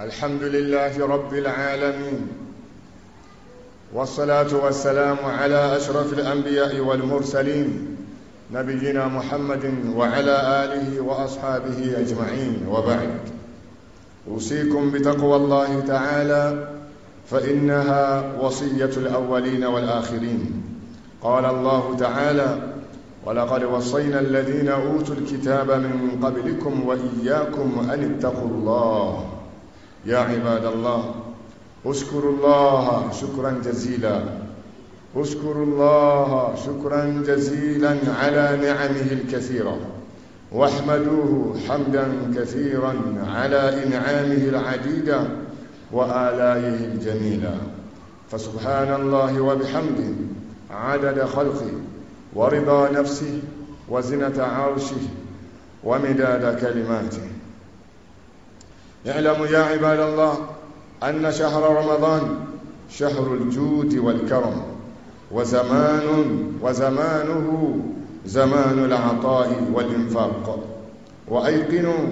الحمد لله رب العالمين والصلاة والسلام على أشرف الأنبياء والمرسلين نبينا محمد وعلى آله وأصحابه أجمعين وبعد أوصيكم بتقوى الله تعالى فإنها وصية الأولين والآخرين قال الله تعالى ولقد وصينا الذين أوتوا الكتاب من قبلكم وإياكم أن اتقوا الله يا عباد الله اشكروا الله شكرا جزيلا اشكروا الله شكرا جزيلا على نعمه الكثيرة واحمدوه حمدا كثيرا على إنعامه العديدة وآلائه الجميلة فسبحان الله وبحمده عدد خلقه ورضا نفسه وزنة عرشه ومداد كلماته اعلموا يا عباد الله أن شهر رمضان شهر الجود والكرم وزمان وزمانه زمان العطاء والإنفاق وأيقنوا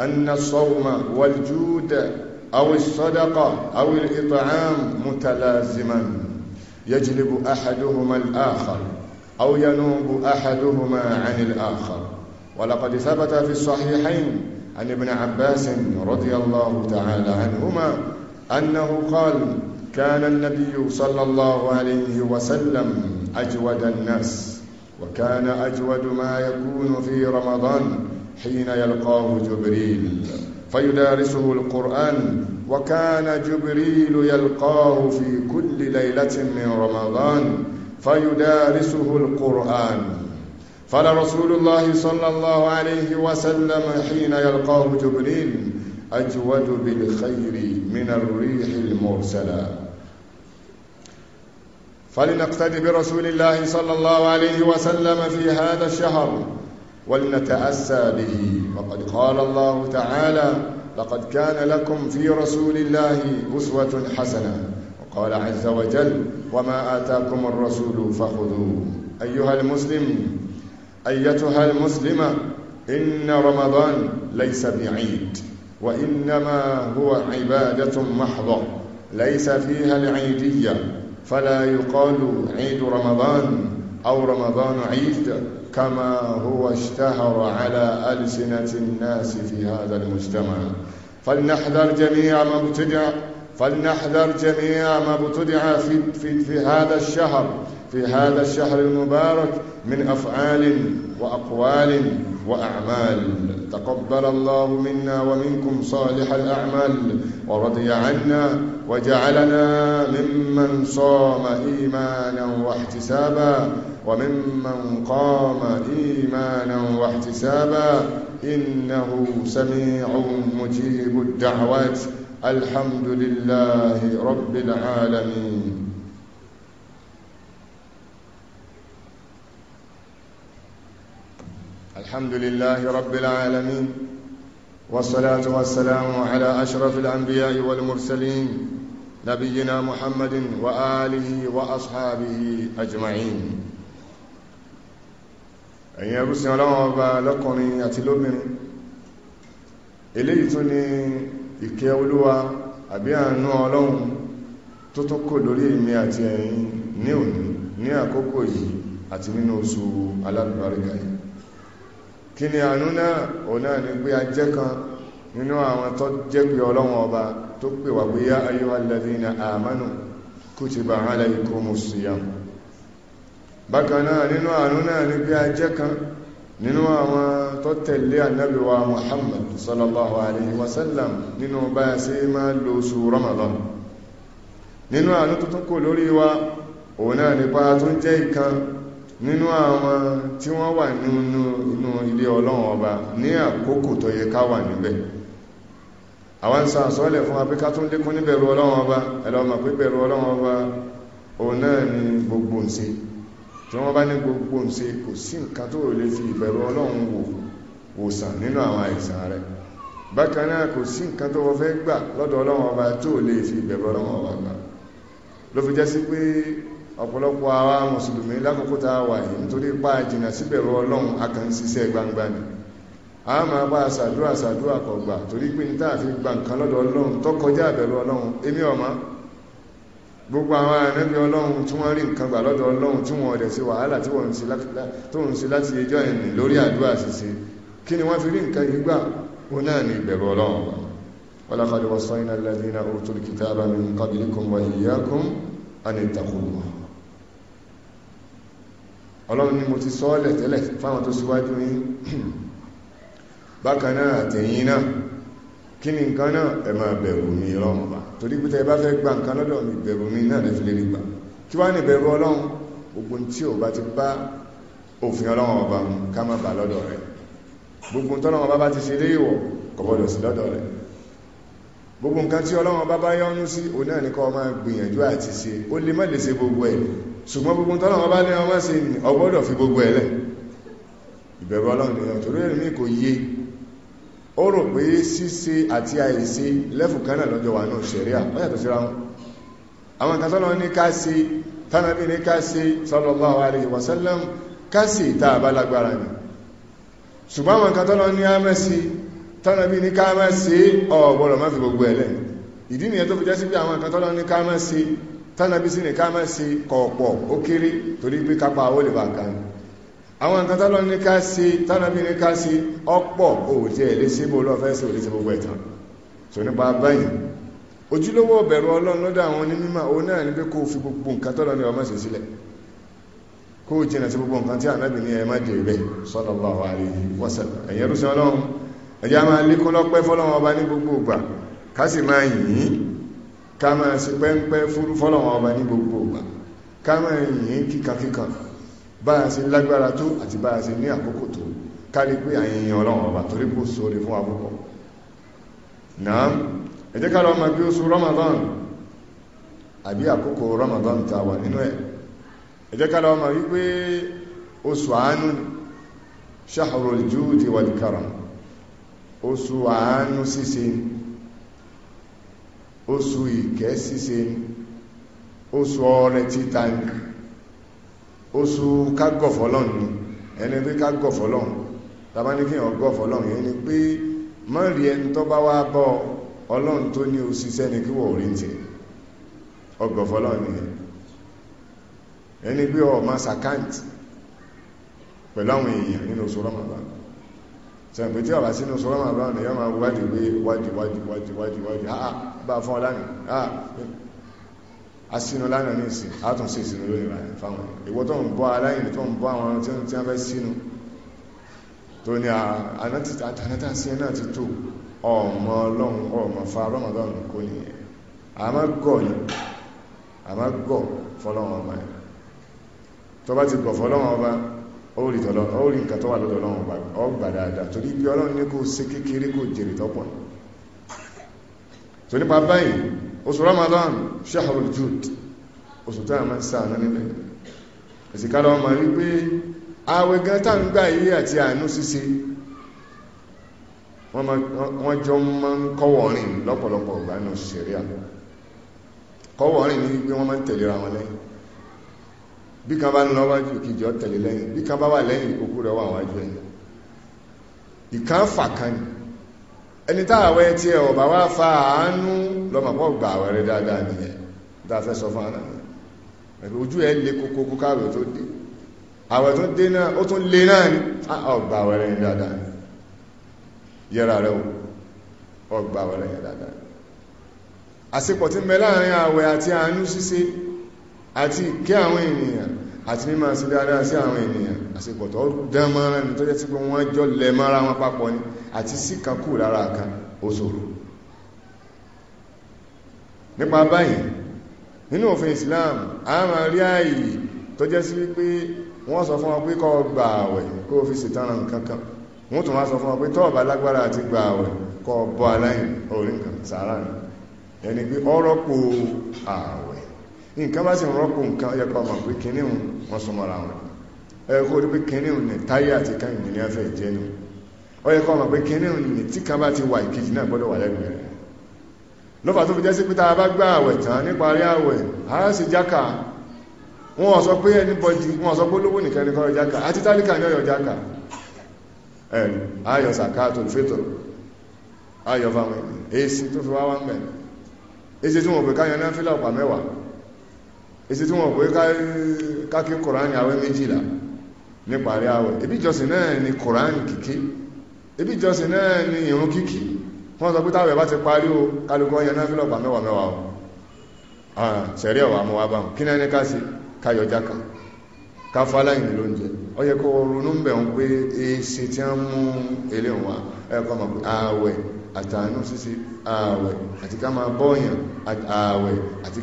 أن الصوم والجود أو الصدقة أو الإطعام متلازما يجلب أحدهما الآخر أو ينوب أحدهما عن الآخر ولقد ثبت في الصحيحين عن ابن عباس رضي الله تعالى عنهما أنه قال كان النبي صلى الله عليه وسلم أجود الناس وكان أجود ما يكون في رمضان حين يلقاه جبريل فيدارسه القرآن وكان جبريل يلقاه في كل ليلة من رمضان فيدارسه القرآن قال رسول الله صلى الله عليه وسلم حين يلقاه جبريل أجود بالخير من الريح المرسلة فلنقتدي برسول الله صلى الله عليه وسلم في هذا الشهر ولنتأسى به وقد قال الله تعالى لقد كان لكم في رسول الله أسوة حسنة وقال عز وجل وما آتاكم الرسول فخذوه أيها المسلم أيتها المسلمة إن رمضان ليس بعيد وإنما هو عبادة محضة ليس فيها العيدية فلا يقال عيد رمضان أو رمضان عيد كما هو اشتهر على ألسنة الناس في هذا المجتمع فلنحذر جميع ما ابتدع فلنحذر جميع ما ابتدع في, في, في هذا الشهر في هذا الشهر المبارك من أفعال وأقوال وأعمال تقبل الله منا ومنكم صالح الأعمال ورضي عنا وجعلنا ممن صام إيمانا واحتسابا وممن قام إيمانا واحتسابا إنه سميع مجيب الدعوات الحمد لله رب العالمين الحمد لله رب العالمين والصلاة والسلام على أشرف الأنبياء والمرسلين نبينا محمد وآله وأصحابه أجمعين ẹ̀yin ẹrúsìn ọlọ́wọ́ ọba lọ́kùnrin àti lóbìnrin eléyìí tún ní ìkẹ́ olúwa àbí àánú ọlọ́run tó tó kò lórí èmi àti ẹ̀yin ní òní ní àkókò yìí àti nínú oṣù alálùbáríkà yìí kí ni àánú náà òun náà ni pé a jẹ́ kan nínú àwọn tó jẹ́ pé ọlọ́wọ́n ọba tó pè wà pé yá ayyuhal ladhina amanu kutiba alaykumus siyam bákan náà nínú àánú náà ni pé a kan nínú àwọn tó tẹ̀lé ànábì Muhammad sallallahu alayhi wa sallam nínú bá a sí máa lo oṣù Ramadan nínú àánú tuntun kò lórí wa òun náà nípa tó jẹ́ ìkan nínú àwọn tí wọ́n wà nínú ilé ọlọ́run ọba ní àkókò tó yẹ ká wà níbẹ̀ àwọn ń sàásọ́lẹ̀ fún abíká tó ń lékún ní bẹ̀rù ọlọ́run ọba ẹlọ́mà pé bẹ̀rù ọlọ́run ọba òun náà ni gbogbo ń ṣe tí wọ́n bá ní gbogbo ń ṣe kò sí nǹkan tó lè fi ìbẹ̀rù ọlọ́run wò wòsàn nínú àwọn àìsàn rẹ̀ bákan náà kò sí nǹkan tó fẹ́ gbà lọ́dọ̀ ọlọ́run ọba tó lè fi ìbẹ̀rù ọlọ́run ọba gbà ló fi jẹ́ sí pé ọ̀pọ̀lọpọ̀ àwa mùsùlùmí lákòókò tá a wà yìí nítorí pa jìnnà síbẹ̀rù ọlọ́run akànṣiṣẹ́ gbangba ni a máa bá ṣàdúrà ṣàdúrà kọ̀gbà torí pé ní táàfin gba nǹkan lọ́dọ̀ ọlọ́run tó kọjá àbẹ̀rù ọlọ́run èmi ọ̀mọ́ gbogbo àwọn ànábì ọlọ́run tí wọ́n rí nǹkan gbà lọ́dọ̀ ọlọ́run tí wọ́n ọ̀dẹ̀ sí wàhálà tí wọ́n ń ṣe láti ẹjọ́ ẹ̀mí lórí àdúrà ṣiṣe kí ni wọ́n fi rí nǹkan yìí gbà ó náà ní ìbẹ̀rù ọlọ́run walaqad waṣṣayna alladhina utul kitaba min qablikum wa iyyakum an ittaqullah ọlọ́run ni mo ti sọ ọ́lẹ̀ tẹ́lẹ̀ fáwọn tó síwájú ní bákanáà àtẹ̀yìn náà kí ni nǹkan náà ẹ máa bẹ̀rù mi ọlọ́run bá torí pé tẹ́ bá fẹ́ gba nǹkan lọ́dọ̀ mi bẹ̀rù mi náà lẹ́fi lè rí gbà kí wá ní bẹ̀rù ọlọ́run ogun tí ò bá ti bá òfin ọlọ́run ọba mu ká má bà lọ́dọ̀ rẹ̀ gbogbo tọ́lọ́run ọba bá ti ṣe léèwọ̀ kò gbọdọ̀ sí lọ́dọ̀ rẹ̀ gbogbo nǹkan tí ọlọ́run ọba bá yọ́nú sí òun náà ní kó máa gbìyànjú àti ṣe ó lè má lè ṣe gbogbo ẹ̀ ṣùgbọ́n gbogbo tọ́lọ̀ wọn bá ní ọmọ sí ni ọgbọ́dọ̀ fi gbogbo ẹ̀lẹ̀ ìbẹ̀rù ọlọ́run nìyàn torí ẹ̀rì mí kò yé ó rò pé ṣíṣe àti àìṣe lẹ́fù kánà lọ́jọ́ wà náà ṣẹ̀ríà wọ́n yàtọ̀ síra wọn àwọn kan tọ́lọ̀ ní ká tánàbí ní ká ṣe alaihi wasallam ká ṣe ìta àbálagbára ni ṣùgbọ́n àwọn kan tọ́lọ̀ ní á mẹ́sí tánàbí ní ká mẹ́sí ọ̀gbọ́dọ̀ má fi gbogbo ẹ̀lẹ̀ tánàbí sí ní ká má ṣe kọ̀ọ̀pọ̀ ó kéré torí pé kápá ó lè bá kan àwọn nǹkan tọ́lọ́ ní ká ṣe tánàbí ní ká ṣe ọ̀pọ̀ òwò tí ẹ̀ lè ṣe bó lọ́ọ́ fẹ́ sí òlé ṣe gbogbo ẹ̀tàn tó nípa báyìí ojúlówó ọ̀bẹ̀rù ọlọ́run lọ́dọ̀ àwọn onímọ̀ òun náà ní pé kó fi gbogbo nǹkan tọ́lọ́ ní ọmọ ṣe sílẹ̀ kó jìnà sí gbogbo nǹkan tí ànábì ní ẹmá jẹ rẹ̀ sallallahu alaihi wasallam ẹ̀yẹ́rúsẹ́ ọlọ́run ẹ̀yà máa lékún lọ́pẹ́ fọ́lọ́run ọba ní gbogbo ìgbà ká sì máa yìn Kama máa sí pẹ́ńpẹ́ fúrú fọ́lọ̀wọ̀n ọba ní gbogbo ọgbà ká máa yìnyín kíkankíkan bá a sí lágbára tó àti bá a sí ní àkókò tó kárí pé àyìnyìn ọlọ́wọ̀n ọba torí kò sóre fún àkókò náà ẹ jẹ́ ká lọ máa Ramadan àbí àkókò Ramadan ta wà nínú ẹ̀ ẹ jẹ́ ká lọ máa wípé oṣù àánú shahrul judi wal karam oṣù àánú ṣíṣe oṣù ìkẹ́ ṣíṣe oṣù ọrẹ títa ni oṣù kágọ̀fọ́lọ́n ni ẹni pé kágọ̀fọ́lọ́n tàbá ní kí ọgọ́fọ́lọ́n yẹn ni pé mọ́ rí ẹni tó bá wá bọ́ ọlọ́run tó ní òṣìṣẹ́ ni kí wọ́n rí tì ọgọ̀fọ́lọ́n ni ẹni pé ọmọ sàkáǹtì pẹ̀lú àwọn èèyàn nínú oṣù Ramadan sẹ́yìn pé tí ọ̀bá sínú oṣù Ramadan ni yọ́ máa wádìí wádìí wádìí wádìí wádìí wádìí bá fún ọlánà ah asínú lánà ní ìsìn átùn sí ìsinú lónìí rà fáwọn ìwọ tó ń bọ́ aláìní tó ń bọ́ àwọn tí wọ́n tí wọ́n fẹ́ sínú tó ní àtànátà sí náà ti tó ọmọ ọlọ́run ọmọ fa rọmọdọ́run kò ní ẹ̀ àmọ́ gọ̀ ni àmọ́ gọ̀ fọlọ́run ọba ẹ̀ tó bá ti gọ̀ fọlọ́run ọba ó rí nǹkan tó wà lọ́dọ̀ ọlọ́run ọba ọgbà dáadáa torí bí ọlọ́run ní kó ṣe kékeré kó jèrè tọ́pọ̀ ni so nípa báyìí oṣù Ramadan shahrul jud oṣù tó àmà sáànà nílẹ̀ ìsìkálọ̀ ọmọ rí pé àwẹ̀ gan tá ń gbà yí àti àánú ṣíṣe wọ́n jọ mọ́ ń kọ́wọ̀rin lọ́pọ̀lọpọ̀ ọ̀gbà náà ṣẹ̀ríà kọ́wọ̀rin ní pé wọ́n máa ń tẹ̀lera wọn lẹ́yìn bí kan bá ń lọ kìjọ tẹ̀lé lẹ́yìn bí kan bá wà lẹ́yìn òkú rẹ̀ wà wájú ẹ̀yìn ìkan kan ni ẹni táàwẹ́ tí ẹ̀ ọ̀bà wá fa àánú lọ́mọ̀pọ̀ gbà àwẹ̀rẹ̀ dáadáa nìyẹn dáfẹ́ sọ fún àná ẹ̀bí ojú ẹ̀ lè kókó kókàwẹ̀ tó dé àwẹ̀ tó dé náà ó tún lè náà ní ọgbà àwẹ̀rẹ̀ dáadáa yẹra rẹ̀ ọgbà àwẹ̀rẹ̀ dáadáa àsìpọ̀ tí mẹ láàrin àwẹ̀ àti àánú ṣíṣe àti ìkẹ́ àwọn ènìyàn àti mímọ̀ sí dáadáa sí àwọn ènìyàn àsìpọ̀ tó dán mọ́ra ní tó jẹ́ sí pé wọ́n jọ lẹ mọ́ra wọn papọ̀ ni àti sí kan kù lára kan ó ṣòro nípa báyìí nínú òfin Islam a máa rí ààyè tó jẹ́ sí wípé wọ́n sọ fún wọn pé kó gba àwẹ̀ kó fi ṣètàràn kankan wọ́n tún wá sọ fún wọn pé tó bá lágbára àti gba àwẹ̀ kó bọ́ aláìní orí nǹkan sàárà ni ẹni pé ó rọ́pò àwẹ̀ nǹkan bá sì rọ́pò nǹkan yẹ kó mọ̀ pé kìnìún wọ́n súnmọ́ra wọn ẹ̀kọ́ rí pé kìnìún ní táyé àti káyìn ní afẹ́ ìjẹ́nu ó yẹ kọ́ mọ̀ pé kíní ní tí kan bá ti wà ìkejì náà gbọ́dọ̀ wà lẹ́nu rẹ̀ lọ́fà tó fi jẹ́ sí pé tá a bá gba àwẹ̀ tán níparí àwẹ̀ a sì jáka wọn sọ pé anybody wọn sọ pé olówó nìkan ní kọ́rọ̀ jáka àti tálíkà ní ọ̀yọ̀ jáka ẹ̀ ayọ̀ sàkáàtò fẹ́tọ̀ ayọ̀ fáwọn èsì tó fi wá wá mẹ́ èsì tí wọn pè káyọ̀ náà fílà ọ̀pá mẹ́wàá èsì tí wọn pè ebi ìjọsìn náà ni kọ̀ránì kìkì ibi ìjọsìn náà ni ìrun kíkí wọ́n sọ pé táwẹ̀ bá ti parí o kálukú ọyàn náà fílọ̀pàá mẹ́wàá mẹ́wàá o ah, ṣẹ̀rí ọ̀wà amọ́wà bá kí náà ní ká sí káyọ̀ jáka ká fáláyìn ló ń jẹ ó yẹ kó ronú ń bẹ̀ ń pé èsì tí wọ́n mú ilé wọn ẹ̀kọ́ mọ̀ pé ààwẹ̀ àtàánú sísí ààwẹ̀ àti ká máa bọ́ọ̀yàn ààwẹ̀ àti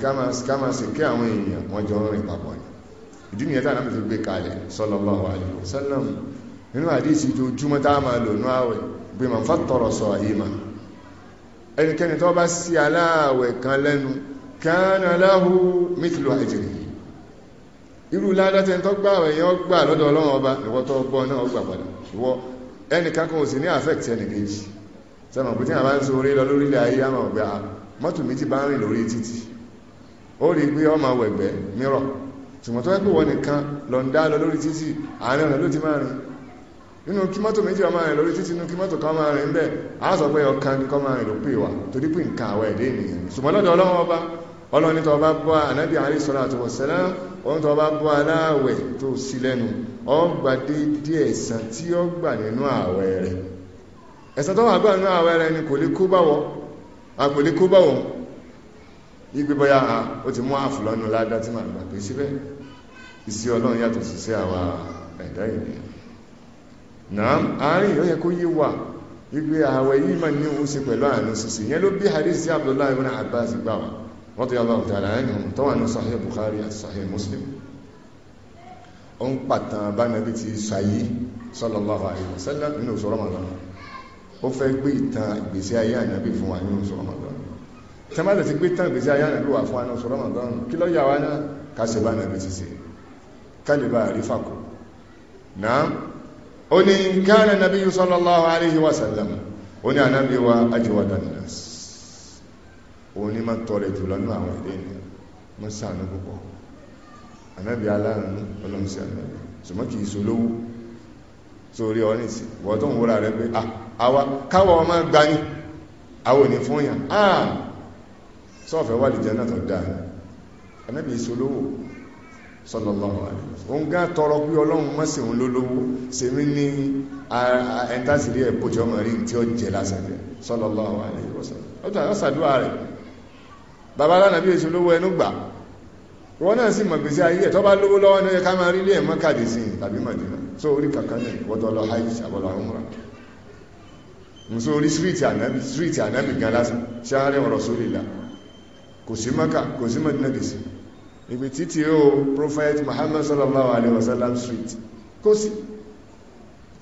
ká máa sì kí àwọn èèyàn wọ́n jọ rìn papọ̀ yìí ìdí nìyẹn tí Ànábì fi gbé kalẹ̀ sallallahu alaihi wasallam nínú àdísì ojoojúmọ́ tá a máa lò ní àwẹ̀ bí ma fà tọrọ sọ àyíma ẹnikẹ́ni tó bá sí aláàwẹ̀ kan lẹ́nu kánà láhú mítìlú àjìrì irú ládátẹ́ tó gbà àwẹ̀ yẹn gbà lọ́dọ̀ ọlọ́run ọba ìwọ́ tó gbọ́ náà gbà padà ìwọ́ ẹnìkan kan ò sí ní affect ẹnìkejì sẹ́mọ̀ pé tí a bá ń so orí lọ lórílẹ̀ ayé àmọ̀ ọ̀gbẹ́ ah, mọ́tò méjì bá rìn lórí títì ó rí pé ọmọ wẹ̀gbẹ́ mìíràn ṣùgbọ́n tó wọ́n nìkan lọ ń dá lọ lórí títì àárín ọ̀nà ló ti máa rìn nínú kí mọ́tò méjì ọmọ rẹ̀ lórí títí inú kí mọ́tò kan máa rẹ̀ ń bẹ̀ á sọ pé ọkàn ní kọ́ máa rẹ̀ ló pè wá torí pé nǹkan àwọ̀ ẹ̀dẹ́ ènìyàn ni ṣùgbọ́n lọ́dọ̀ ọlọ́run ọba ọlọ́run ní tọba bọ́ ànábì alayhi salatu wassalam ohun tọba bọ́ aláàwẹ̀ tó sí lẹ́nu ọgbà dédé ẹ̀san tí ó gbà nínú àwẹ̀ rẹ̀ ẹ̀san tó wà gbà nínú àwẹ̀ rẹ̀ ni kò lè kó báwọ̀ ìgbé bọ́yá ó ti mú àfùlọ́nu ládá tí màá gbà pé síbẹ̀ ìsí ọlọ́run yàtọ̀ sí sí àwa ẹ̀dá ènìyàn náà àárín yóò yẹ kó yé wà wípé ààwẹ̀ yìí máa ní òun ṣe pẹ̀lú àánú sísè yẹn ló bí hadith sí abdullahi ibn abbas gbà wá wọ́n tó yàgbà òtàlá ẹnu tó wà ní sahih bukhari àti sahih muslim ó ń pàtàn bánabi ti sàyí sallallahu alaihi wasallam nínú oṣù ramadan ó fẹ́ gbé ìtàn ìgbésí ayé ànábì fún wa nínú oṣù ramadan tẹ́mọ́lẹ̀ ti gbé tán ìgbésí ayé ànábì wà fún wa nínú oṣù ramadan kí ló yà wá náà kásẹ̀ bánabi ti sè kálíbà rífàkù náà ó ní kana nabiyyu sallallahu alayhi wa sallam ó ní ànábì wa ajwadan nas ó ní máa tọrẹ jùlọ ní àwọn èdè ni mo sànú púpọ̀ ànábì aláàánú ọlọ́run sí ànábì ṣùgbọ́n kì í so lówó sórí ọ nìsí wọ́n tó ń wúra rẹ pé ah, àwa káwọ ọmọ gba ní àwọn òní fún yàn sọ́ọ̀fẹ́ ah! wà lè jẹ́ náà tó dáa ànábì ìṣolówó sallallahu alaihi wasallam òun gán tọrọ pé ọlọ́run má ṣe òun lólówó sèmi ní ẹ̀ńtàsírí ẹ̀kọ́jọ ọmọ rí tí ó jẹ lásán jẹ sallallahu alaihi wasallam ọjọ́ àṣàdúrà rẹ̀ bàbá lánàá bí èso lówó ẹnu gbà wọn náà sì mọ̀ gbèsè ayé ẹ̀ tó bá lówó lọ́wọ́ náà ká máa rí ilé ẹ̀mọ́ kàdé sí i tàbí Mádínà tó orí kankan náà wọ́tọ́ lọ hajj àbọ̀lọ̀ umrah nso orí síríìtì ànábì síríìtì ànábì gan lásán ṣáárẹ̀ ọ̀rọ̀ sólè là kò sí Mákà kò sí Mádínà sí i ìpè títí ó prophet Muhammad sallallahu alaihi wasallam street kó sí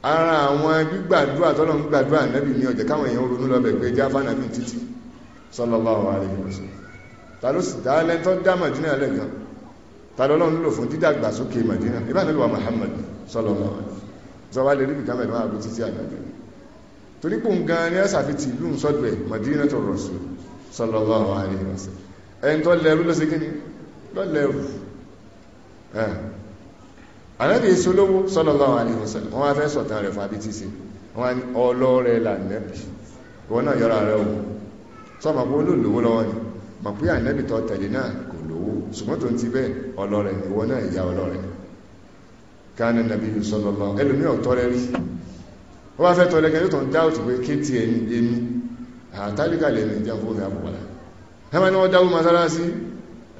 ara àwọn gbígbàdúrà tọ́lọ̀ ń gbàdúrà nẹ́bì ní ọ̀jẹ̀ káwọn èèyàn ronú lọ́bẹ̀ pé jáfà nàbí títí sallallahu alaihi wasallam ta ló sì dá lẹ́tọ́ dá Madina lẹ́gàn ta lọ́lọ́run lò fún dídàgbàsókè Madina ibà nílùú Muhammad sallallahu alaihi wasallam zọwá lè rí bìkà mẹ́rin máa bú títí àgbàgbé torí pò ń gan ní ẹ́sà fi tìlú ń sọ́dọ̀ ẹ̀ Madinatu Rasul sallallahu alaihi wasallam ẹni tó lẹ́rú lọ́sẹ̀kíní lọ́lẹ́rù ànábì èso lówó sallallahu alaihi wasallam wọ́n wá fẹ́ sọ̀tàn rẹ̀ fún abítìsí wọ́n ọlọ́rẹ̀ lànẹ́bì wọ́n náà yọra rẹ̀ wò sọ́mọ̀ pé olóòlówó lọ́wọ́ ni mọ̀ pé ànábì tó tẹ̀lé náà kò lówó ṣùgbọ́n tó ń ti bẹ́ẹ̀ ọlọ́rẹ̀ ni wọ́n náà ìyá ọlọ́rẹ̀ kánà nàbí sallallahu ẹlòmí ọ̀tọ́rẹ́ rí wọ́n wá fẹ́ tọ́lẹ́gẹ́ yóò tó ń dáwọ̀tù pé kéètì ẹni àtàlíkà lẹ́nu ìjẹun fún mi àbúkọ̀lá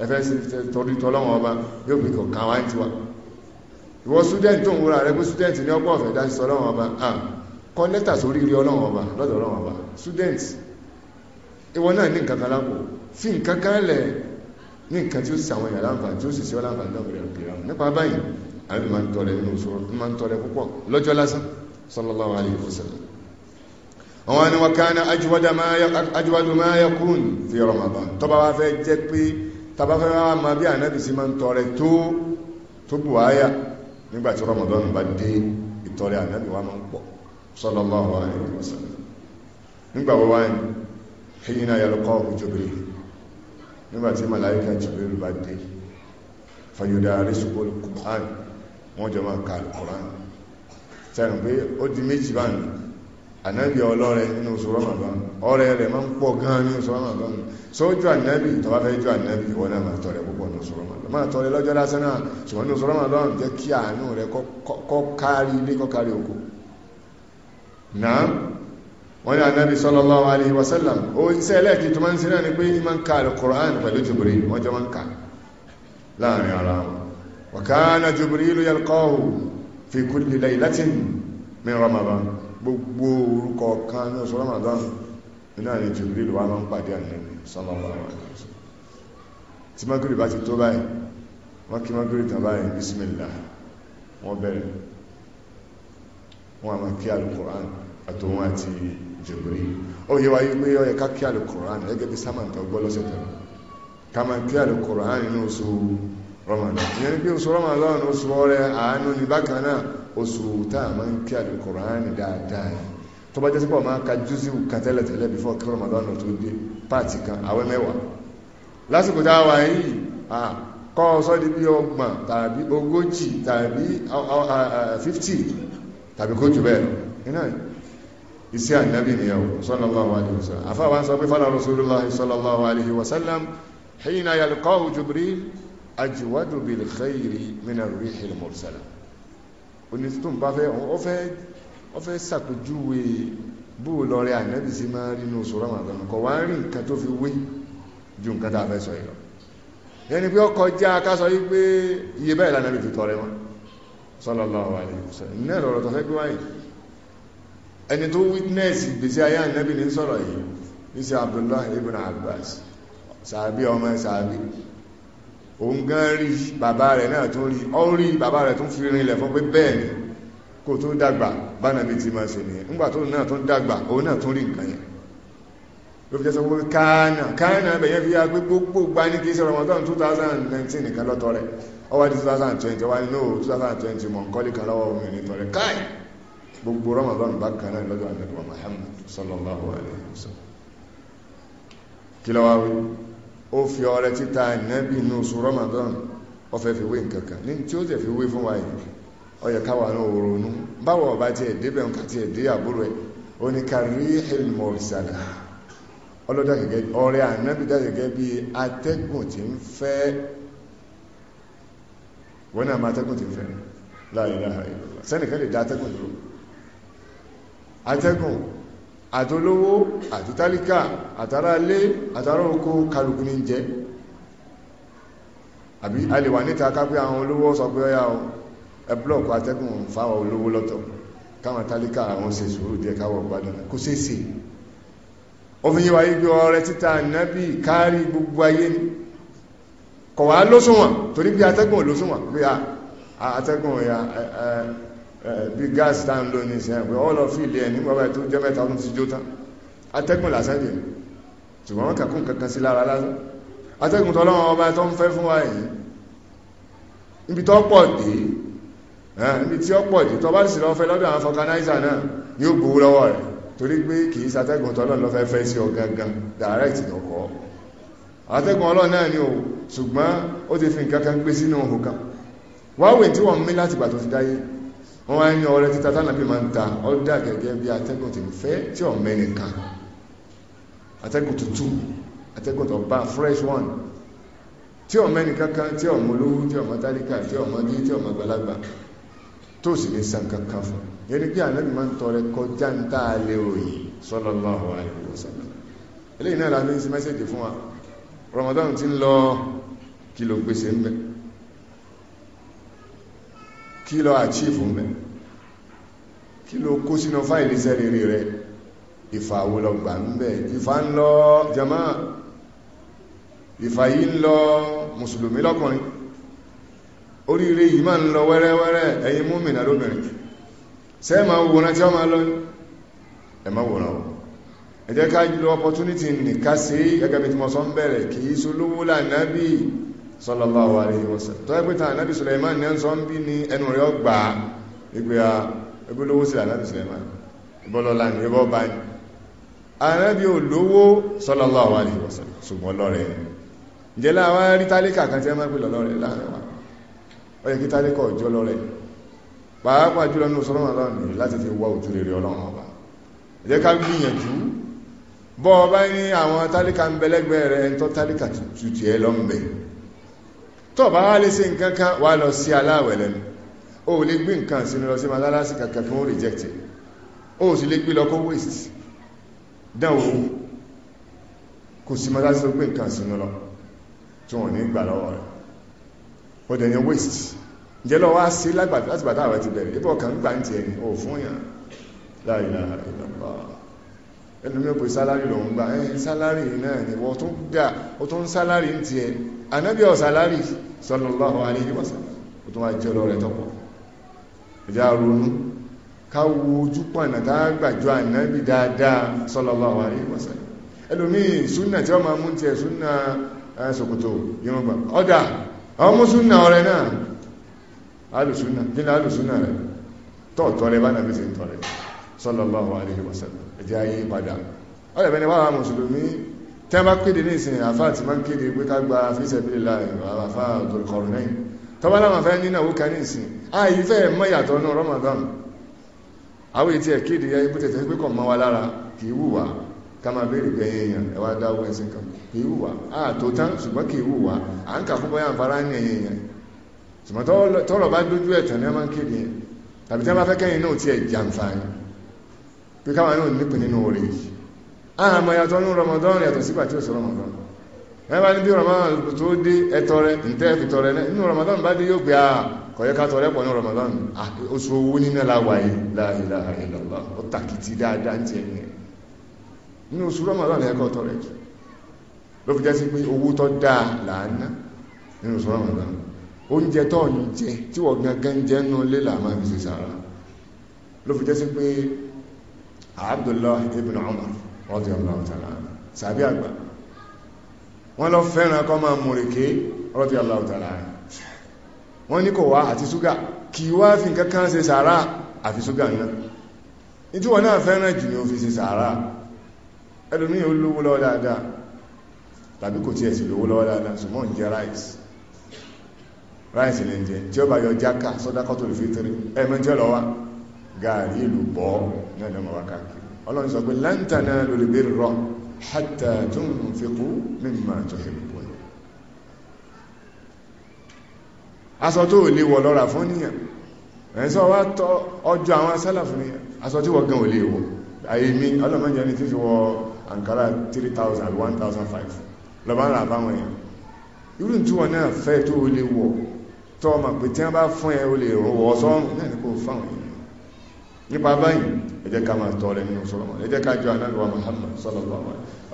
ẹfẹ́ sí torí tọ́lọ́wọ́n ọba yóò fi kọ̀ kàwá ń tiwa ìwọ student tó ń wúra rẹ pé student ní ọgbọ́n ọ̀fẹ́ dá sí ọlọ́wọ́n ọba ah kọ lẹ́tà sórí ilé ọlọ́wọ́n ọba lọ́dọ̀ ọlọ́wọ́n ọba student ìwọ náà ní nǹkan lápò fi nǹkan kan ní nǹkan tí ó sì èèyàn láǹfààní tí ó sì sí ọ láǹfààní náà bẹ̀rẹ̀ òkè nípa báyìí àbí máa ń tọrẹ nínú òṣòro máa ń tọrẹ púpọ̀ lọ́jọ́ lásán sallallahu alaihi wasallam àwọn ni wọ́n ká fi Ramadan tó bá wá fẹ́ jẹ́ pé tàbáfẹ́ wá ma bí ànábì sí ma ń tọrẹ tó tó bù áyà nígbàtí Ramadan bá dé ìtọrẹ ànábì wá ma ń pọ̀ sallallahu alaihi wasallam nígbàwọ́ wá ní hina yalqahu Jibril nígbàtí màláíkà Jibril bá dé fayudarisuhu al-Qur'an wọ́n jọ máa ka al-Qur'an tẹ́rùn pé ó di méjì báyìí ànábì ọlọ́rẹ nínú oṣù ramadan ọrẹ rẹ̀ máa ń pọ̀ gan ní oṣù ramadan sójú ànábì tọ́wá fẹ́ jú ànábì wọn náà máa tọrẹ púpọ̀ ní oṣù ramadan máa tọrẹ lọ́jọ́ lásán náà ṣùgbọ́n ní oṣù ramadan jẹ́ kí àánú rẹ̀ kọ́ kárí ilé kọ́ kárí oko náà wọ́n ní ànábì sallallahu alaihi wasallam ó iṣẹ́ ẹlẹ́ẹ̀kì tó máa ń ṣe náà ni pé máa ń ka alukur'an pẹ̀lú Jibril wọ́n jọ máa ń ka láàrin ara wọn wa kana Jibrilu yalqahu fi kulli laylatin min ramadan gbogbo orúkọ kan ní oṣù Ramadan iná ni Jibril wà máa ń pàdé ànẹ́bì sallallahu alaihi wasallam tí magiri bá ti tó báyìí wọ́n kí magiri tàn báyìí bismillah wọ́n bẹ̀rẹ̀ wọ́n a máa kí alukoran àtòun àti Jibril ó yẹ wáyé pé ó yẹ ká kí alukoran gẹ́gẹ́ bí sámàntà ọgbọ́ lọ́sẹ̀ tẹ̀lé ká máa kí alukoran nínú oṣù Ramadan ìyẹn ni pé oṣù Ramadan oṣù ọrẹ àánú ni bákan náà oṣù tá a máa ń kí àdùn kọ̀ránì dáadáa tó bá jẹ́ sípò máa ka júzíù kan tẹ́lẹ̀ tẹ́lẹ̀ before kí Ramadan tó dé páàtì kan àwẹ̀ mẹ́wàá lásìkò tá a wà yìí kọ́ ọsọ́ di bí ọgbọ̀n tàbí ogójì tàbí 50 tàbí kó jù bẹ́ẹ̀ iná iṣẹ́ ànábì ni yau sallallahu alaihi wasallam afáwa sọ pé fara rasulullah sallallahu alaihi wasallam hina yalqahu jibril ajwadu bil khairi min ar-rih al-mursala onísítòm bá fẹ́ ọfẹ́ sàpèjúwe bó lọrẹ ànábì sí máa rí inú oṣù ramadan kọ̀ wá ń rí nǹkan tó fi wé ju nǹkan tá a fẹ́ sọ yìí lọ ẹni pé ọkọ̀ jẹ́ akásọ yìí pé iye báyìí lànà lè fi tọrẹ wọn sallallahu alaihi wasallam ní ẹ̀rọ ọ̀rọ̀ tó fẹ́ gbé wáyé tó witness ìgbésí ayé ànábì ní sọ̀rọ̀ yìí ní sí ibn Abbas sàbí ọmọ sàbí òun gan rí bàbá rẹ̀ náà tó rí ọ rí bàbá rẹ̀ tó fi rinlẹ̀ fún pé bẹ́ẹ̀ ni kò tó dàgbà bánà bí ti máa ṣe nìyẹn nígbà tó náà tó dàgbà òun náà tó rí nǹkan yẹn ló fi jẹ́ pé káánà káánà bẹ̀yẹ́ fi ya pé gbogbo gbá ní kí sọ̀rọ̀ mọ́tọ́n 2019 nìkan lọ́tọ́ rẹ̀ ó wá di 2020 wá nínú 2020 mọ̀ nǹkọ́lé kan lọ́wọ́ omi nìtọ́ rẹ̀ káì gbogbo rọmọdọ́nù bá kan náà lọ́dọ̀ àdàdùn Muhammad sallallahu alaihi wasallam kí lọ́wọ́ O fi ọrẹ títa ìnábì inú oṣù Ramadan ó fi wé nkankan ní tí ó jẹ fi wé fún wa yìí ó káwa náà ronú báwo ọba tí ẹ̀ débẹ̀ nǹkan tí ẹ̀ dé àbúrò ó ní Ọlọdọ ọrẹ dá bí tí ń wọn náà máa tí ń lè dá dúró àtolówó àtútálíkà àtàrà ilé àtàrà oko kálukú ní jẹ́ àbí a lè wà níta ká pé àwọn olówó sọ pé ọyá o ẹ blọọkù atẹ́gùn fáwọn olówó lọ́tọ̀ káwọn tálíkà àwọn ṣe sùúrù díẹ̀ káwọn gbádùn kó ṣeé ṣe òfin yíwa yí pé ọrẹ títà nábì kárí gbogbo ayé ni kọ̀wá lóṣùwọ̀n torí bí atẹ́gùn lóṣùwọ̀n pé ah, atẹ́gùn ẹ̀yà Eh, bí gáàsì tá ń lò ní ìsìn ẹ̀pẹ́ ọlọ́ fi ilé ẹ̀ nígbà báyìí tó jẹ́ mẹ́ta ọdún ti jó tán atẹ́gùn lásán jẹ́ ṣùgbọ́n wọn kàkún kankan sí lára lásán atẹ́gùn tọ́lọ́wọ́ ọba tó ń fẹ́ fún wa yìí níbi tó pọ̀ dé eh, níbi tí ó pọ̀ dé tó bá sì lọ fẹ́ lọ́dọ̀ àwọn fọkanáìsà náà yóò gbowó lọ́wọ́ rẹ̀ torí pé kì í ṣàtẹ́gùn tọ́lọ́run ló fẹ́ fẹ́ sí ọ gangan direct lọ́kọ́ àtẹ́gùn ọlọ́run náà ni o ṣùgbọ́n ó ti fi nǹkan kan gbé sínú òhùn kan wáwẹ̀ tí wọ́n mí láti gbà tó ti dáyé wọ́n wá ní ọrẹ títa tánàbí máa ń ta ọ́dà gẹ́gẹ́ bí atẹ́gùn tí ń fẹ́ tí ò mẹ́nìkan atẹ́gùn tútù atẹ́gùn tó bá fresh one tí ò mẹ́nìkan kan tí ò mọ olówó tí ò mọ tálíkà tí ò mọ bí tí ò mọ gbalagbà tó sì ní san kankan fún yẹni pé ànábì máa ń tọrẹ kọjá ń tá a lè ròyìn sallallahu alaihi wasallam eléyìí náà la ní se mẹ́sẹ̀jì fún wa Ramadan ti ń lọ kìlò gbèsè ń bẹ́ẹ̀ kí lọ àchífù mẹ́ kí ló kó sínú fáìlì sẹ́rẹ̀rẹ̀ rẹ̀ ìfà wo lọ gbà ń bẹ̀ ìfà ń lọ jama ìfà yìí ń lọ mùsùlùmí lọ́kùnrin oríire yìí máa ń lọ wẹ́rẹ́wẹ́rẹ́ ẹ̀yin múmìnà lóbìnrin sẹ́ ma wòrán tí ó máa lọ ẹ má wòrán o ẹ ká lo opportunity nìkásí gẹ́gẹ́ bí tí mo sọ ń bẹ̀rẹ̀ kì í solówó lànàbí sallallahu alaihi wasallam tó ẹgbẹ́ tàn nábì Suleiman ní ẹnsọ́ ń bí ní ẹnu rẹ̀ ọgbà ìgbé a ẹgbẹ́lówó sí ànábì Suleiman ìbọ́lọ́lá ní ẹbọ́ bá ní ànábì olówó sallallahu alaihi wasallam ṣùgbọ́n lọ́rẹ̀ ǹjẹ́ láwọn rí tálíkà kan tí ẹ máa gbé lọ́rẹ̀ láàrin wa ó yẹ kí tálíkà ọjọ́ lọ́rẹ̀ pàápàá jùlọ ní ọsọ́rọ̀ ọlọ́run láti fi wá ojú rere ọlọ́run ọba jẹ́ ká gbìyànjú bọ́ ọba ní àwọn tálíkà ń bẹ̀lẹ́gbẹ̀ẹ́ rẹ̀ tó tálíkà tuntun ẹ lọ́mbẹ̀ẹ́ tó bá wá lè ṣe nǹkan kan wá lọ sí aláwẹ̀ lẹ́nu o lè gbé nǹkan sínú lọ sí masalasi kankan fún reject o sì lè gbé lọ kó waste dán o kò sí masalasi tó gbé nǹkan sínú lọ tí wọ́n ní gbà lọ́wọ́ rẹ̀ o dẹ̀ ní waste ǹjẹ́ lọ wá sí láti bàtà àwẹ̀ ti bẹ̀rẹ̀ ibọ̀ kan gbà ń tiẹ̀ ní o fún yàn la ilaha illallah ẹnu mi ò pè sálárì lòun gbà ẹ sálárì náà ni wọ́n tó ń sálárì ń tiẹ̀ ànábì ọ̀ sálárì sallallahu alayhi wa sallam ó tún wá jẹ́ ọlọ́rẹ̀ tọ́pọ̀ ẹjá ronú káwo ojú pọ̀nà tá a gbàjọ ànábì dáadáa sallallahu alayhi wa sallam ẹlòmíì súnà tí wọ́n máa mú tiẹ̀ súnà ṣòkòtò yorùbá ọ̀dà àwọn mú súnà ọ̀rẹ́ náà alùsúnà jìnà alùsúnà rẹ̀ tọ́ọ̀tọ́ rẹ̀ bá nàbí sí tọ́ rẹ̀ sallallahu alayhi wa ẹjá yí padà ọ̀rẹ́ bẹni wà á mùsùlùmí tí a bá kéde ní ìsìn àfá àti bá kéde pé ká gba fíṣẹ̀bílá àfá àtòrìkọ̀rọ̀ lẹ́yìn tọ́bá láwọn fẹ́ nínà ó ní ìsìn ààyè fẹ́ mọ́ ìyàtọ̀ náà Ramadan àwọn ètí ẹ̀ kéde ya ipò tẹ̀tẹ̀ pé kọ̀ mọ́ wa lára kì í wùwà ká máa béèrè pé èèyàn ẹ wá dáwọ́ ẹ̀sìn kan kì í wùwà á tó tán ṣùgbọ́n kì í wùwà à ń kà fún bọ́yá àǹfààrà ní èèyàn ṣùgbọ́n tọ́rọ̀ bá dójú ẹ̀tàn ní a kéde tàbí tí a bá fẹ́ kẹ́yìn náà ti ẹ̀ jàǹfààní pé káwọn náà nípìn nínú oore Ah, àmọ́ yàtọ̀ ní Ramadan yàtọ̀ sígbà tí ó sọ Ramadan ẹ̀bá ní bí Ramadan tó dé ẹtọrẹ ǹtẹ́ fi tọrẹ náà inú Ramadan bá dé yóò pé à ah, kọ̀yẹ́ ká tọrẹ pọ̀ ní Ramadan ah, oṣù owó nínú láwàáyé la ilaha illallah ó tàkìtì dáadáa ń tiẹ̀ ní inú oṣù Ramadan ẹ̀kọ́ tọrẹ jù ló fi jẹ́ sí pé owó tọ́ dáa làánà nínú oṣù Ramadan oúnjẹ tó ń jẹ tí wọ́n gangan jẹ́ nù lé làmá fi ṣe sára ló fi jẹ́ sí pé Abdullah ibn Umar ọdí ọ̀nà ọ̀tàlá sàbí àgbà wọ́n lọ fẹ́ràn kọ́ máa mọ̀rẹ̀kẹ́ ọdí ọ̀nà ọ̀tàlá wọ́n ní kò wá àti ṣúgà kì í wá fi nǹkan kan ṣe sàárà àfi ṣúgà náà nítí wọ́n náà fẹ́ràn jù ní ó fi ṣe sàárà ẹlòmí ò lówó lọ́wọ́ dáadáa tàbí kò tiẹ̀ sì lówó lọ́wọ́ dáadáa ṣùgbọ́n ń ráìsì ráìsì tí ó bá yọ jákà sọ́dákọ́tò lè ọlọ́run sọ pé lan tanalul birra hatta tunfiqu mimma tuhibbun aṣọ tó lè wọ̀ lọ́ra fún níyàn ẹ̀sọ́ wá tọ́ ọjọ́ àwọn sálàfù ní aṣọ tí wọ́n gan ò lè wọ̀ àyèmí ọlọ́mọdé ní fífi wọ àǹkárá 3000 àbí 1500 lọ́bá ń rà báwọn èèyàn irú tí wọ́n náà fẹ́ tó lè wọ̀ tọ́ ọmọ pé tí wọ́n bá fún ẹ o lè rọwọ́ sọ́run náà ní kò fáwọn èèyàn nípa báyìí ẹ jẹ́ ká máa tọrẹ nínú sọlọmọ ẹ jẹ́ ká jọ ànábì wa Muhammad sọlọmọ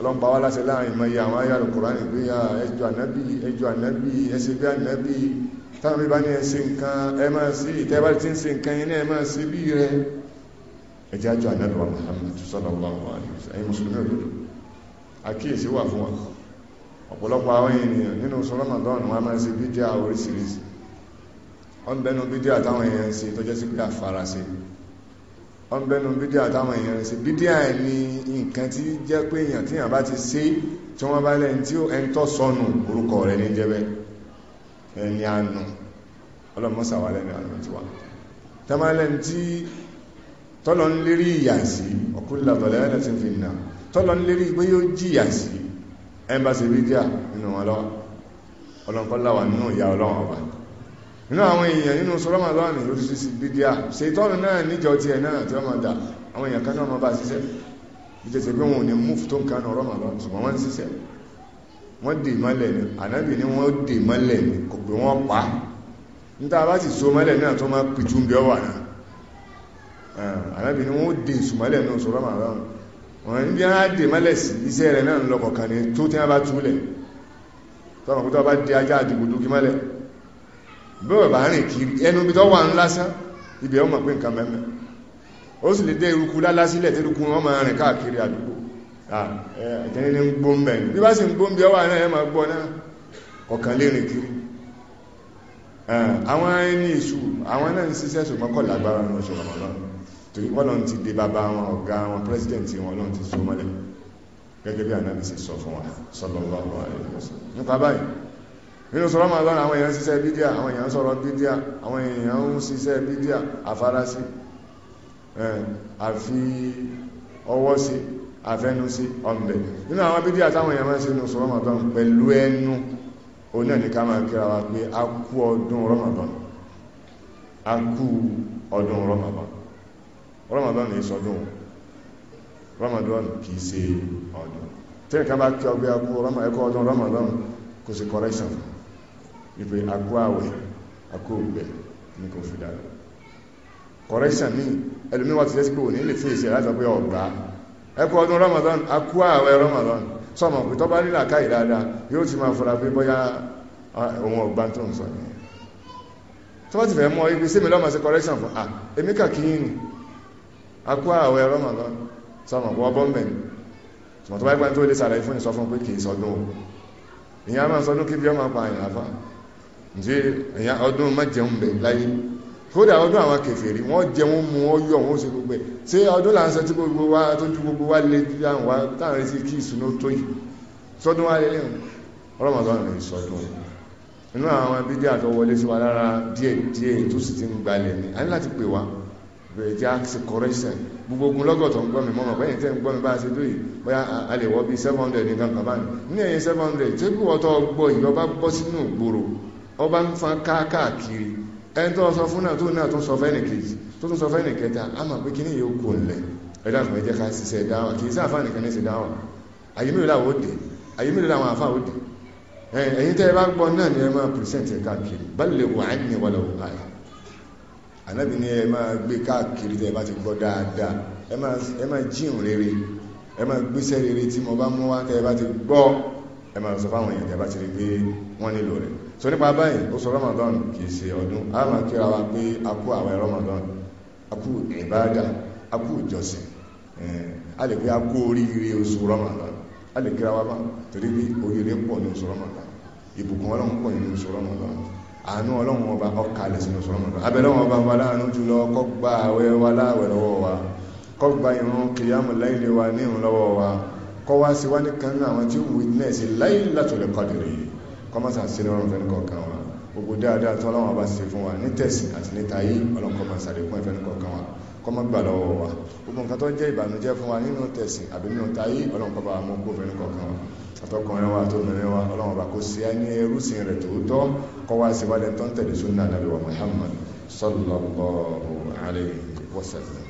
ọlọmọba wa láṣẹ láàrin mọye àwọn ayé alukùránì pé ya ẹjọ ànábì ẹjọ ànábì ẹsẹ bí ànábì táwọn bí bá ní ẹsẹ nǹkan ẹ máa sí ìtẹ́bá ti ń ṣe nǹkan yẹn náà ẹ máa sí bí rẹ ẹ jẹ́ àjọ ànábì Muhammad sọlọmọ ẹ̀yin mùsùlùmí ọ̀nbẹ́nu bídíà táwọn èèyàn sí bídíà ní nǹkan tí jẹ́ pé èèyàn tí èèyàn bá ti ṣe tí wọ́n bá lẹ́yìn tí ẹn tọ́ sọnù orúkọ rẹ̀ ní jẹ́bẹ́ ẹni àánú ọlọ́mọ́sàwà lẹ́nu àánú ti wà tẹ́mà lẹ́yìn tí tọ́lọ ń lérí ìyà sí ọkùnlá tọ̀lẹ̀ ẹ̀lẹ́ ti fi nà tọ́lọ ń lérí pé yóò jìyà sí ẹn bá ṣe bídíà nínú wọn lọ ọlọ́nkọ́láwà nínú ìyà ọlọ́run ọba nínú àwọn èèyàn nínú sọ́rọ́màdọ́nì lóríṣiríṣi bídíà ṣètọ́nù náà níjọ ti ẹ̀ náà tí wọ́n máa dà àwọn èèyàn kan náà máa bá ṣiṣẹ́ ìjẹsẹ̀ pé wọn ò ní múfù tó ń kanú rọ́màdọ́nì ṣùgbọ́n wọ́n ń ṣiṣẹ́ wọ́n dè mọ́lẹ̀ ni ànábì ni wọ́n dè mọ́lẹ̀ ni kò pé wọ́n pa níta bá sì so mọ́lẹ̀ náà tó máa pìtú bí ọ wà náà ànábì ni wọ́n dè ìsùmọ́lẹ̀ náà sọ rọ́màdọ́nì wọ́n ń bí wọ́n á dè mọ́lẹ̀ sí iṣẹ́ rẹ̀ náà lọ́kọ̀ọ̀kan ni tó tí wọ́n bá túlẹ̀ tọ́mọ̀ pé tó bá dé ajá àdìgbò dókí mọ́lẹ̀ bẹ́ẹ̀ bá rìn kiri ẹnu ibi tó wà ń lásán ibẹ̀ ọmọ pé nǹkan mẹ́mẹ́ ó sì lè dé eruku lálásílẹ̀ tí eruku wọn máa rìn káàkiri àdúgbò ẹ̀jẹ̀ ní gbóǹbẹ̀ bí bá sì ń gbóǹbẹ̀ wà náà ẹ máa gbọ́ náà ọ̀kan lè rìn kiri àwọn ẹni ìṣù àwọn náà ń ṣiṣẹ́ ṣùgbọ́n lágbára ní oṣù Ramadan torí wọ́n lọ́n ti dé bàbá wọn ọ̀gá wọn president wọn lọ́n ti so mọ́lẹ̀ gẹ́gẹ́ bí Ànábì ṣe sọ fún wa sallallahu alaihi wasallam nípa báyìí nínú sọ̀rọ̀ máa lọ́nà àwọn èèyàn ṣiṣẹ́ bídíà àwọn èèyàn sọ̀rọ̀ bídíà àwọn èèyàn ń ṣiṣẹ́ bídíà àfarasí àfi ọwọ́ sí àfẹnu sí ọ̀mẹ̀ nínú àwọn bídíà táwọn èèyàn máa ń ṣe nínú sọ̀rọ̀ máa lọ́nà pẹ̀lú ẹnu oní ẹni ká máa kíra wa pé a kú ọdún Ramadan a kú ọdún Ramadan Ramadan ní sọdún Ramadan kì í ṣe ọdún tẹ́nìkan bá kí ọgbẹ́ akú ẹkọ ọdún Ramadan kò sí correction fún ìpè àkó àwẹ̀ àkó ògbẹ̀ ní kò fi dára correction ní ẹlòmíwà ti lẹ́sí pé òní lè fèsì ẹ̀ láti ọgbé ọ̀gbá ẹkọ ọdún Ramadan àkó àwẹ̀ Ramadan sọmọ pé tọ́ba nílà káì dáadáa yóò ti máa fura pé bóyá òun ọ̀gbá tó ń sọ ni tọ́ba ti fẹ́ mọ ibi sí mi lọ́mọ sí correction fún ah èmi kà kí ni àkó àwẹ̀ Ramadan sọmọ pé ọbọ mẹ́ni sọmọ tọ́ba ẹgbẹ́ tó lè sàlàyé fún ìsọfún pé kì í sọdún ìyẹn a máa sọdún kí bí ọmọ apààyàn àfáà ǹjẹ́ ẹ̀yà ọdún má jẹun bẹ̀ láyé kódà ọdún àwọn kèfèrí wọ́n jẹun mú ọ yọ wọ́n ṣe gbogbo ẹ̀ ṣé ọdún là ń sọ tí gbogbo wa tó gbogbo wa lé dáhùn wa táwọn retí kí ìsúná tó yìí sọdún wa lé lẹ́hùn ọlọ́mọdún rẹ̀ sọdún inú àwọn bídí àtọwọlé sí wa lára díẹ̀ díẹ̀ tó sì ti ń gbalẹ̀ ni a ní láti pè wá ẹja ṣe correction gbogbo ogun lọ́gọ̀tọ̀ ń gbọ́mi mọ́mọ́ bẹ́yìn tẹ́ ń gbọ́mi bá ṣe lóyìí bóyá a lè wọ́ bí 700 nìkan kàbáyìn ní ẹ̀yìn 700 tí kò wọ́tọ́ gbọ́ ìyọba bọ́ sínú ìgboro ọba ń fa káàkiri ẹni tó sọ fún náà tó náà tó sọ fẹ́nì kejì tó tó sọ fẹ́nì kẹta a mọ̀ pé kíní yóò kò lẹ̀ ẹ̀dá fún ẹjẹ́ ká ṣiṣẹ́ dáwà kì í sí àfáà nìkan ní ṣe dáwà àyè mélòó làwọn òde àfáà òde ẹ̀yin tẹ́ ẹ bá gbọ́ náà ni ẹ máa pìrìsẹ́ǹtì ẹ káàkiri bálẹ̀ wà á ní wàlẹ̀ wà á ànábì ni ẹ máa gbé káàkiri tẹ́ ẹ bá ti gbọ́ dáadáa ẹ máa jíhùn rere ẹ máa gbéṣẹ́ rere tí mo bá mú wá tẹ́ ẹ bá ti gbọ́ ẹ máa sọ fáwọn èèyàn tẹ́ ẹ bá ti rí pé wọ́n nílò rẹ̀ so nípa báyìí oṣù Ramadan kìí ṣe ọdún a máa kíra wa pé a kú àwẹ̀ Ramadan a kú ìbáàdà a kú ìjọsìn a lè pé a kú oríire oṣù Ramadan a lè kíra wa bá torí bí oríire pọ̀ ní oṣù Ramadan ìbùkún Ọlọ́run pọ̀ ní oṣù Ramadan àánú Ọlọ́run ọba ọkà lè sinú oṣù Ramadan abẹ́lẹ́wọ̀n ọba wa láàánú jùlọ kó gba àwẹ̀ wa láàwẹ̀ lọ́wọ́ wa kó gba ìrun kìyàmù láìlé wa ní ìrun wa kó wá sí wá ní kan náà àwọn tí witness láìlátòlẹ́kọ̀dìrì yìí kọmọsà sí lọ́rùn fẹ́ kọ̀ọ̀kan wa gbogbo dáadáa tó ọlọ́wọ́n bá ṣe fún wa ní tẹ̀sí àti ní tayé ọlọ́kọmọsà lè kún ẹ̀fẹ́ kọ̀ọ̀kan wa kọmọ gbà lọ́wọ́ wa gbogbo nǹkan tó jẹ́ ìbànújẹ́ fún wa nínú tẹ̀sí àbí nínú tayé ọlọ́kọmọba mú kó fẹ́ kọ̀ọ̀kan wa àtọkùnrin wa tó mẹ́rin wa ọlọ́wọ́n bá kó sí á ní ẹrúsìn rẹ̀ tòótọ́ kọ́ wá sí wálẹ̀ tó ń tẹ̀lé sunnah Nabi wa Muhammad sallallahu alayhi wa sallam